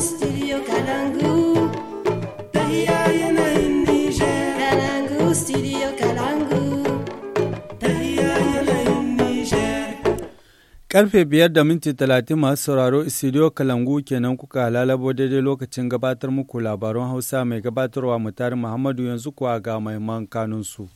studio Karfe biyar da minti talatin masu sauraro studio Kalangu kenan kuka lalabo daidai lokacin gabatar muku labaran Hausa mai gabatarwa mutari Muhammadu yanzu kuwa ga maiman kanunsu.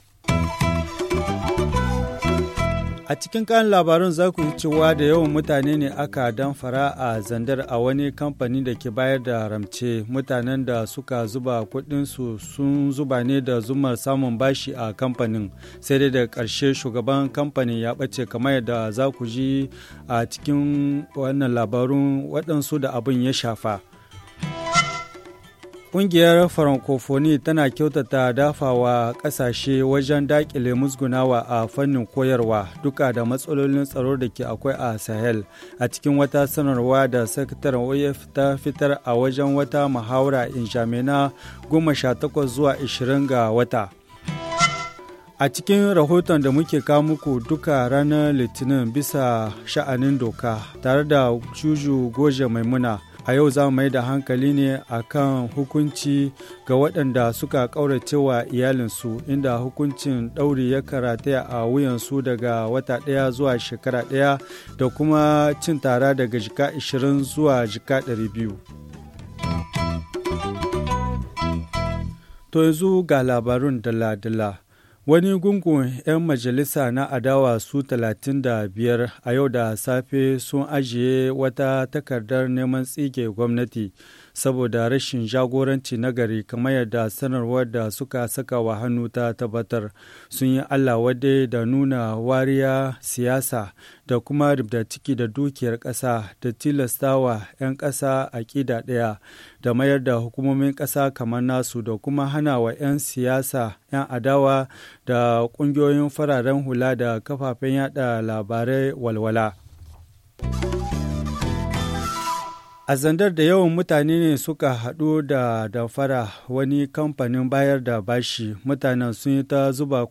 A cikin kayan labarun za ku yi cewa da yawan mutane ne aka damfara a zandar a wani kamfani da ke bayar da ramce mutanen da suka zuba kudinsu sun zuba ne da zumar samun bashi a kamfanin sai dai da karshe shugaban kamfanin ya ɓace kamar yadda za ku ji a cikin wannan labarun waɗansu da abin ya shafa. Ƙungiyar Farankofoni tana kyautata dafawa ƙasashe wajen daƙile musgunawa a fannin koyarwa duka da matsalolin tsaro da ke akwai a Sahel. A cikin wata sanarwa da Sakataren OEF ta fitar a wajen wata muhawara Injamena goma sha takwas zuwa ashirin ga wata. A cikin rahoton da muke kawo muku duka ranar Litinin bisa sha'anin doka tare da Juju Goje Maimuna. a yau za mai da hankali ne a kan hukunci ga waɗanda suka ƙauracewa iyalinsu inda hukuncin ɗauri ya karata a wuyansu daga wata ɗaya zuwa shekara ɗaya da kuma cin tara daga jika 20 zuwa jika 200. To yanzu ga labarun dala-dala. Wani gungun 'yan majalisa na adawa su 35 a yau da safe sun ajiye wata takardar neman tsige gwamnati saboda rashin jagoranci nagari kamar yadda sanarwar da suka saka wa hannu ta tabbatar sun yi allah wadai da nuna wariya siyasa da kuma da ciki da dukiyar ƙasa da tilastawa 'yan ƙasa aƙida ɗaya da mayar da hukumomin ƙasa kamar nasu da kuma hana wa 'yan siyasa 'yan adawa da ƙungiyoyin fararen hula da kafafen yada labarai walwala. A zandar da yawan mutane ne suka haɗu da damfara wani kamfanin bayar da bashi. Mutanen sun yi ta zuba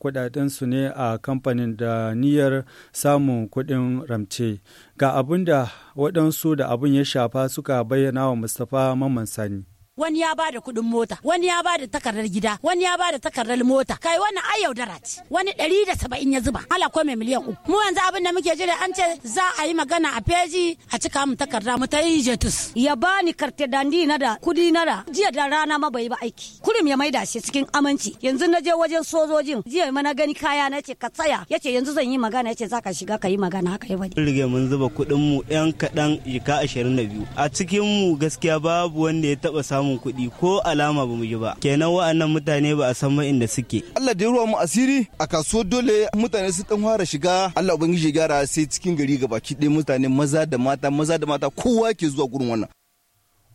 su ne a kamfanin da niyyar samun kuɗin ramce. Ga abin da waɗansu da abin ya shafa suka bayyana wa mustafa Mamman Sani. wani ya bada kuɗin mota wani ya bada takardar gida wani ya bada takardar mota kai wannan ai yaudara ce wani ɗari da saba'in ya zuba ala ko mai miliyan uku mu yanzu abin da muke jira an ce za a yi magana a feji a cika mu takarda mu ta yi jetus ya bani karte dandi na da kudi na da jiya da rana ma bai ba aiki kurum ya maida shi cikin aminci yanzu na je wajen sojojin jiya ma na gani kaya na ce ka tsaya yace yanzu zan yi magana yace ka shiga ka yi magana haka yi mun rige mun zuba kuɗin mu yan kaɗan jika ashirin da a cikin mu gaskiya babu wanda ya taɓa samun samun kuɗi ko alama ba mu yi ba kenan wa'annan mutane ba a san ma inda suke Allah da ruwa mu asiri a kasuwar dole mutane su dan fara shiga Allah ubangiji gyara sai cikin gari ga gabaki ɗaya mutane maza da mata maza da mata kowa ke zuwa gurin wannan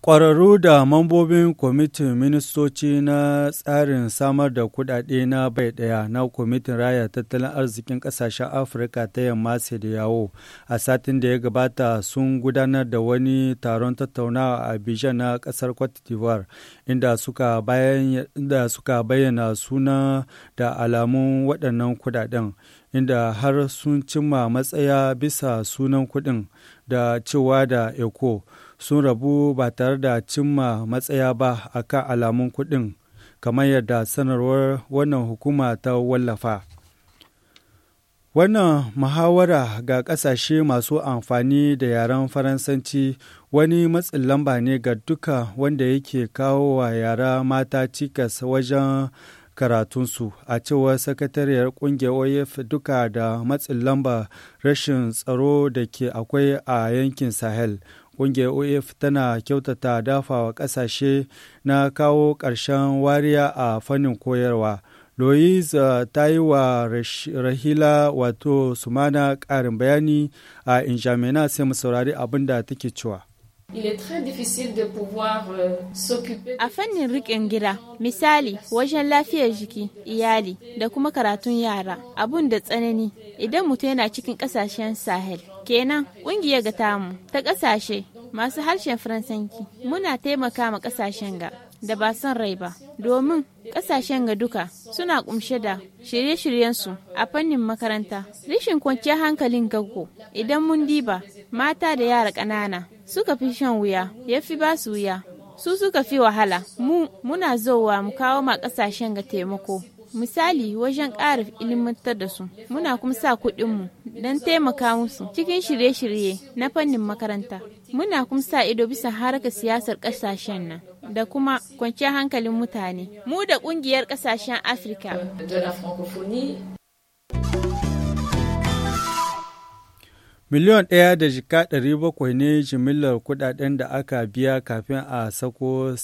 Ƙwararru da mambobin kwamitin ministoci na tsarin samar da kuɗaɗe na bai ɗaya na kwamitin raya tattalin arzikin ƙasashen Afirka ta yamma da yawo a satin da ya gabata sun gudanar da wani taron tattaunawa a Abidjan na ƙasar Cote d'Ivoire inda suka bayyana suna da alamun waɗannan kuɗaɗen. inda har sun cimma matsaya bisa sunan kuɗin da cewa da "Eko." sun rabu ba tare da cimma matsaya ba a akan alamun kuɗin kamar yadda sanarwar wannan hukuma ta wallafa. Wannan muhawara ga ƙasashe masu amfani da yaren Faransanci wani matsin lamba ne ga duka wanda yake kawo wa yara mata cikas wajen karatunsu a cewa sakatariyar ƙungiyar OIF duka da matsin lamba rashin tsaro da ke akwai a yankin Sahel Ƙungiyar oaf tana kyautata dafawa kasashe na kawo ƙarshen wariya a fannin koyarwa. Louise uh, ta yi wa Rahila wato Sumana ƙarin bayani a uh, sai mu saurari abin da take cewa. Euh, a fannin riƙin gida, misali wajen lafiyar jiki, iyali da kuma karatun yara, abun da tsanani idan mutum yana cikin ƙasashen Sahel. Kenan ƙungiyar ga tamu ta ƙasashe masu harshen Faransanki, muna taimaka ma ƙasashen ga da ba son rai ba domin ƙasashen ga duka suna ƙumshe da shirye-shiryensu a fannin makaranta. Rishin kwanciyar hankalin gaggo idan mun diba mata da yara ƙanana suka fi shan wuya ya fi ba su wuya su suka fi wahala mu muna zowa mu kawo ma ƙasashen ga taimako misali wajen ƙara ilimantar da su muna kuma sa kuɗinmu don taimaka musu cikin shirye-shirye na fannin makaranta muna kuma sa ido bisa harkar siyasar ƙasashen nan da kuma kwanciyar hankalin mutane mu da ƙungiyar ƙasashen afirka miliyon ɗaya da jika ɗari bakwai ne jimillar kuɗaɗen da aka biya kafin a sako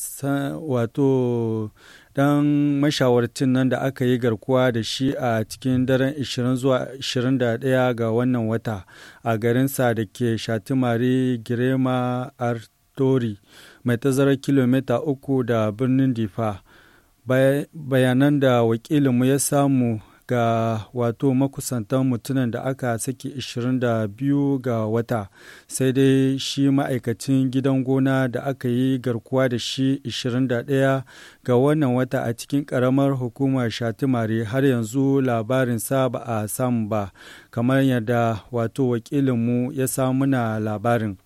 wato dan mashawarcin nan da aka yi garkuwa da shi a cikin daren 20 zuwa 21 ga wannan wata a garinsa da ke shatimari girema artori mai tazarar kilomita uku da birnin difa bayanan da wakilinmu ya samu ga wato makusantan mutumin da aka saki 22 ga wata sai dai shi ma'aikacin gidan gona da aka yi garkuwa da shi 21 ga wannan wata a cikin karamar hukumar shatimare har yanzu labarinsa ba a samu ba kamar yadda wato wakilinmu ya samuna labarin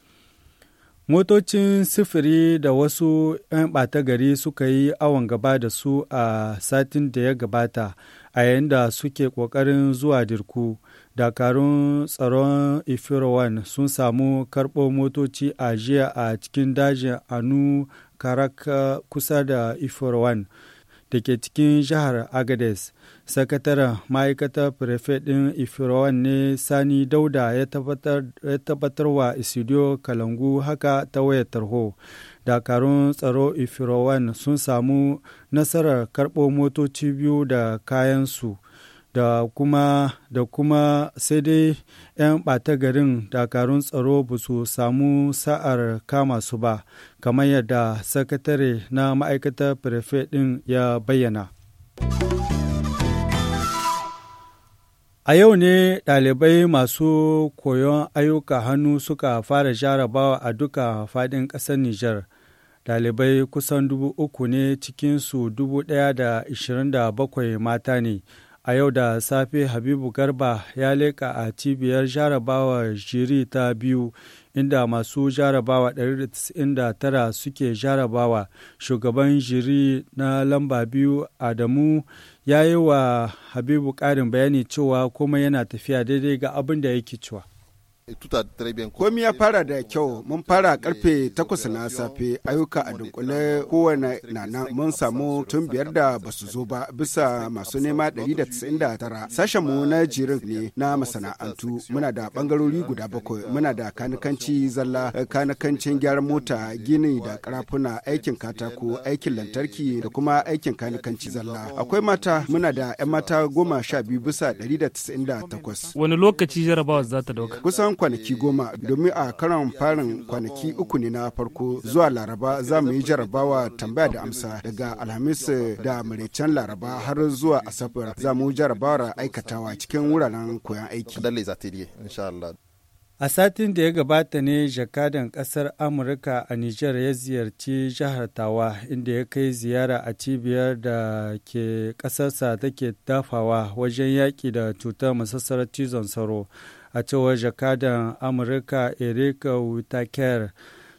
motocin sifiri da wasu 'yan ɓata gari suka yi awon gaba da su a satin da ya gabata a yayin da suke kokarin zuwa dirku dakarun tsaron ifirowan sun samu karɓo motoci a jiya a cikin dajin anu karaka kusa da ifirowan da ke cikin jihar agades sakataren ma'aikatar prefet ɗin ifirawan ne sani dauda ya tabbatar wa isidio kalangu haka ta wayar tarho dakarun tsaro ifirowan sun samu nasarar karɓo motoci biyu da kayansu da kuma da kuma sai dai 'yan ɓata garin dakarun tsaro ba su samu sa'ar kama su ba kamar yadda sakatare na ma'aikatar prefet ɗin ya bayyana a yau ne ɗalibai masu koyon ayyuka hannu suka fara jarabawa a duka fadin ƙasar nijar. dalibai kusan dubu uku ne cikinsu dubu ɗaya da ishirin da bakwai mata ne. A yau da safe Habibu Garba ya leƙa a cibiyar jarabawa jiri ta biyu inda masu jarabawa 199 suke jarabawa. Shugaban jiri na lamba biyu Adamu ya yi wa Habibu ƙarin bayani cewa kuma yana tafiya daidai ga abin da yake cewa. E, Komi ya fara da kyau mun fara karfe takwas na safe ayuka a dunkule kowane nana mun samu tun biyar da ba su zo ba bisa masu nema 199 sashenmu na jirin ne na masana'antu muna da bangarori guda bakwai muna da kanikanci zalla kanikancin gyaran mota gini da karafuna aikin katako aikin lantarki da kuma aikin kanikanci zalla akwai mata muna da 'yan mata goma sha biyu bisa 198 wani lokaci jarabawa za ta dauka tsawon kwanaki goma domin a karan farin kwanaki uku ne na farko zuwa laraba za mu yi jarabawa tambaya da amsa daga alhamis da maraicen laraba har zuwa asabar za mu jarabawar aikatawa cikin wuraren koyon aiki. A satin da ya gabata ne jakadan kasar Amurka a niger ya ziyarci jihar Tawa inda ya kai ziyara a cibiyar da ke ƙasarsa take dafawa wajen yaki da cutar masassarar cizon sauro. a cewar jakadan amurka eric whitaker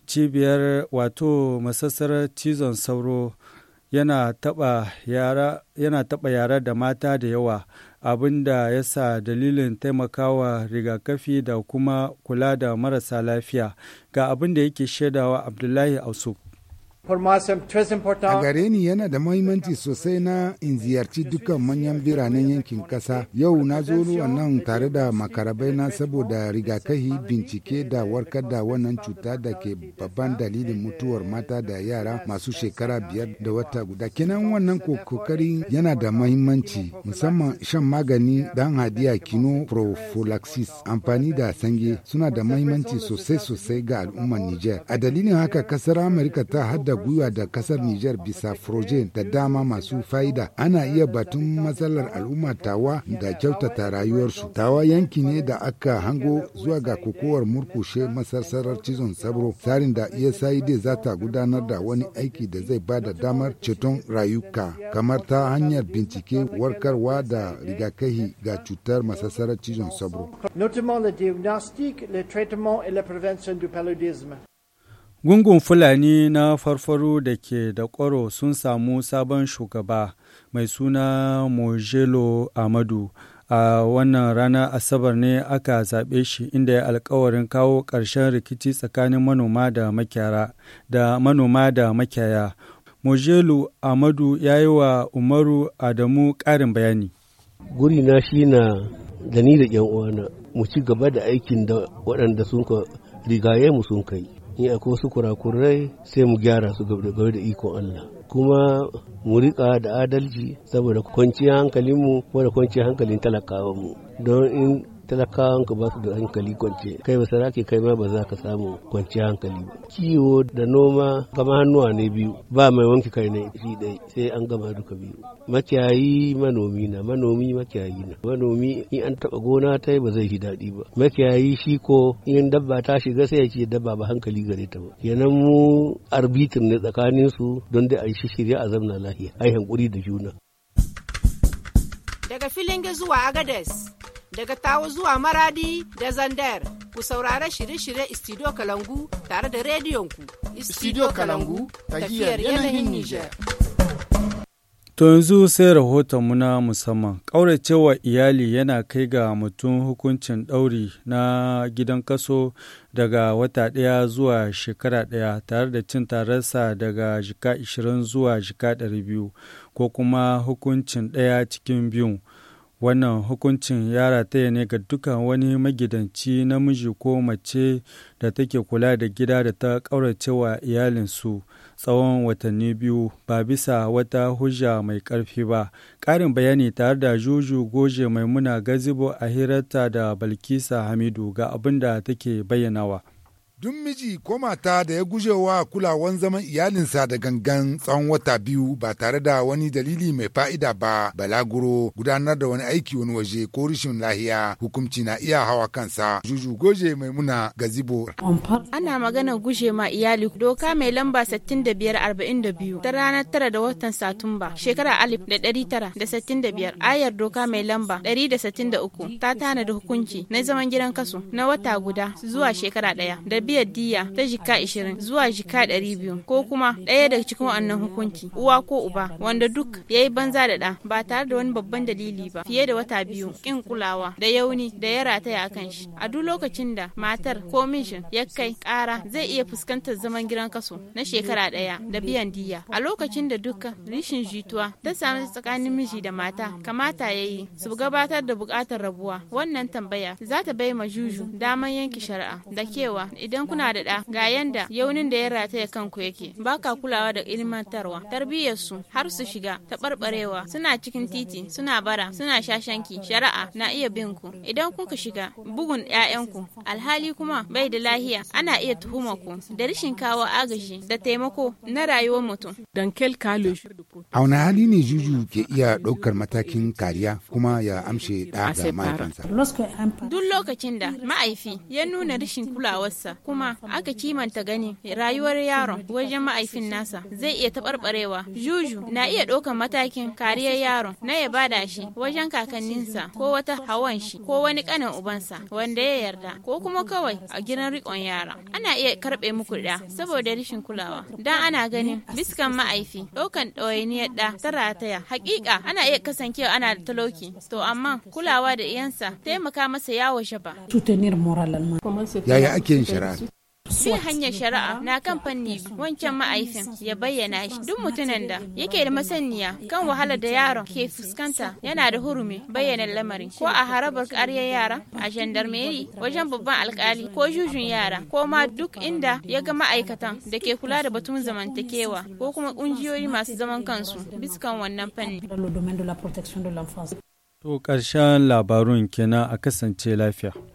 cibiyar wato masassarar cizon sauro yana taɓa yara da mata da yawa abin da ya sa dalilin taimakawa rigakafi da kuma kula da marasa lafiya ga abin da yake shaidawa abdullahi ausuf A gare ni yana da mahimmanci sosai na in ziyarci dukkan manyan biranen yankin ƙasa. Yau na zo nan tare da makarabai na saboda rigakahi bincike da warkar da wannan cuta da ke babban dalilin mutuwar mata da yara masu shekara biyar da wata guda. Kenan wannan kokari yana da mahimmanci musamman shan magani dan hadiya kino prophylaxis amfani da sange suna da mahimmanci sosai sosai ga al'ummar Niger. A dalilin haka kasar Amurka ta hada da gwiwa da kasar Nijar bisa proje da dama masu fa'ida. Ana iya batun matsalar al'umma tawa da kyautata rayuwarsu. Tawa yanki ne da aka hango zuwa ga kokowar murkushe masarsarar cizon sabro. Tsarin da ESID za ta gudanar da wani aiki da zai ba da damar ceton rayuka kamar ta hanyar bincike warkarwa da rigakahi ga cutar masassarar cizon sabro. Notamment le diagnostic, le traitement et la prévention du paludisme. Gungun Fulani na farfaro da ke da ƙwaro sun samu sabon shugaba mai suna Mojelo Amadu. A wannan ranar Asabar ne aka zaɓe shi inda ya alkawarin kawo ƙarshen rikici tsakanin manoma da makiyara da manoma da makiyaya. Mojelo Amadu ya yi wa Umaru Adamu ƙarin bayani. Guri na shi na da ni da mu ci gaba da aikin da waɗanda sun rigaye mu sun kai. in akwai wasu kurakurai sai mu gyara su gaba da ikon Allah kuma mu riƙa da adalci saboda kwanciyar hankalinmu ko da kwanciyar hankalin talakawanmu don in talakawan ka ba su da hankali kwance kai ba sarake kai ma ba za ka samu kwance hankali ba kiwo da noma kama hannuwa ne biyu ba mai wanki kai ne shi dai sai an gama duka biyu makiyayi manomi na manomi makiyayi na manomi in an taba gona ta ba zai ji daɗi ba makiyayi shi ko in dabba ta shiga sai ya ce dabba ba hankali gare ta ba kenan mu arbitin ne tsakanin su don dai a yi shirya a zamna lahiya ai hankuri da juna daga filin zuwa agades daga tawo zuwa maradi da zandar ku saurara shirye-shirye istidiyo kalangu tare da rediyonku istidiyo kalangu tafiyar yanayin niger To yanzu sai rahotonmu na musamman, ƙauracewa iyali yana kai ga mutum hukuncin ɗauri na gidan kaso daga wata ɗaya zuwa shekara ɗaya tare da cin tararsa daga jika 20 zuwa jika 200 ko kuma hukuncin ɗaya cikin biyu. Wannan hukuncin ya rataya ne ga duka wani magidanci namiji ko mace da take kula da gida da ta ƙauracewa iyalinsu tsawon watanni biyu ba bisa wata hujja mai ƙarfi ba. Ƙarin bayani tare da Juju Goje Maimuna Gazibo a hirarta da Balkisa Hamidu ga abin da take bayyanawa. Duk miji ko mata da ya guje wa kulawan zaman iyalinsa da gangan tsawon wata biyu ba tare da wani dalili mai fa'ida ba balaguro gudanar da wani aiki wani waje ko rishin lahiya hukumci na iya hawa kansa juju goje mai muna gazibo. Ana magana guje ma iyali doka mai lamba 6542 ta ranar tara da watan Satumba shekara alif da ɗari tara da sittin da biyar ayar doka mai lamba ɗari da sittin da uku ta tanada hukunci na zaman gidan kaso na wata guda zuwa shekara ɗaya biyar diya ta jika ishirin zuwa jika ɗari biyu ko kuma ɗaya daga cikin wannan hukunci uwa ko uba wanda duk ya yi banza da ɗa ba tare da wani babban dalili ba fiye da wata biyu ƙin kulawa da yauni da ya rataya a kan shi a duk lokacin da matar ko mijin ya kai ƙara zai iya fuskantar zaman gidan kaso na shekara ɗaya da biyan diya a lokacin da duka rishin jituwa ta sami tsakanin miji da mata kamata ya yi su gabatar da buƙatar rabuwa wannan tambaya za ta bai ma juju daman yanke shari'a da kewa idan idan kuna da ɗa ga yanda yaunin da ya rataya kanku yake baka kulawa da ilmantarwa tarbiyyar su har su shiga ta taɓarɓarewa suna cikin titi suna bara suna shashanki shari'a na iya bin ku idan kuka shiga bugun ƴaƴanku alhali kuma bai da lahiya ana iya tuhuma ku da rashin kawo agaji da taimako na rayuwar mutum a wani hali ne juju ke iya ɗaukar matakin kariya kuma ya amshe ɗa ga mahaifinsa duk lokacin da ma'aifi ya nuna rashin kulawarsa kuma aka kimanta gani rayuwar yaron wajen ma'aifin nasa zai iya taɓarɓarewa juju na iya ɗaukan matakin kariyar yaron na ya bada shi wajen kakanninsa ko wata hawan shi ko wani kanin ubansa wanda ya yarda ko kuma kawai a gidan riƙon yara ana iya karɓe muku ɗa saboda rashin kulawa dan ana ganin biskan ma'aifi ɗaukan ɗawainiyar ɗa ta rataya hakika ana iya kasancewa ana da talauki to amma kulawa da iyansa taimaka masa yawo shaba yaya ake yin shara? Bin hanyar shari'a na kan fanni wancan ma'aifin ya bayyana shi duk mutumin da yake da masaniya kan wahalar da yaron ke fuskanta yana da hurumi bayyana lamarin ko a harabar ƙaryar yara a gendarmeri wajen babban alkali ko jujun yara ko ma duk inda ya ga ma'aikatan da ke kula da batun zamantakewa ko kuma ƙungiyoyi masu zaman kansu biskan wannan fanni. To ƙarshen labarun kenan a kasance lafiya.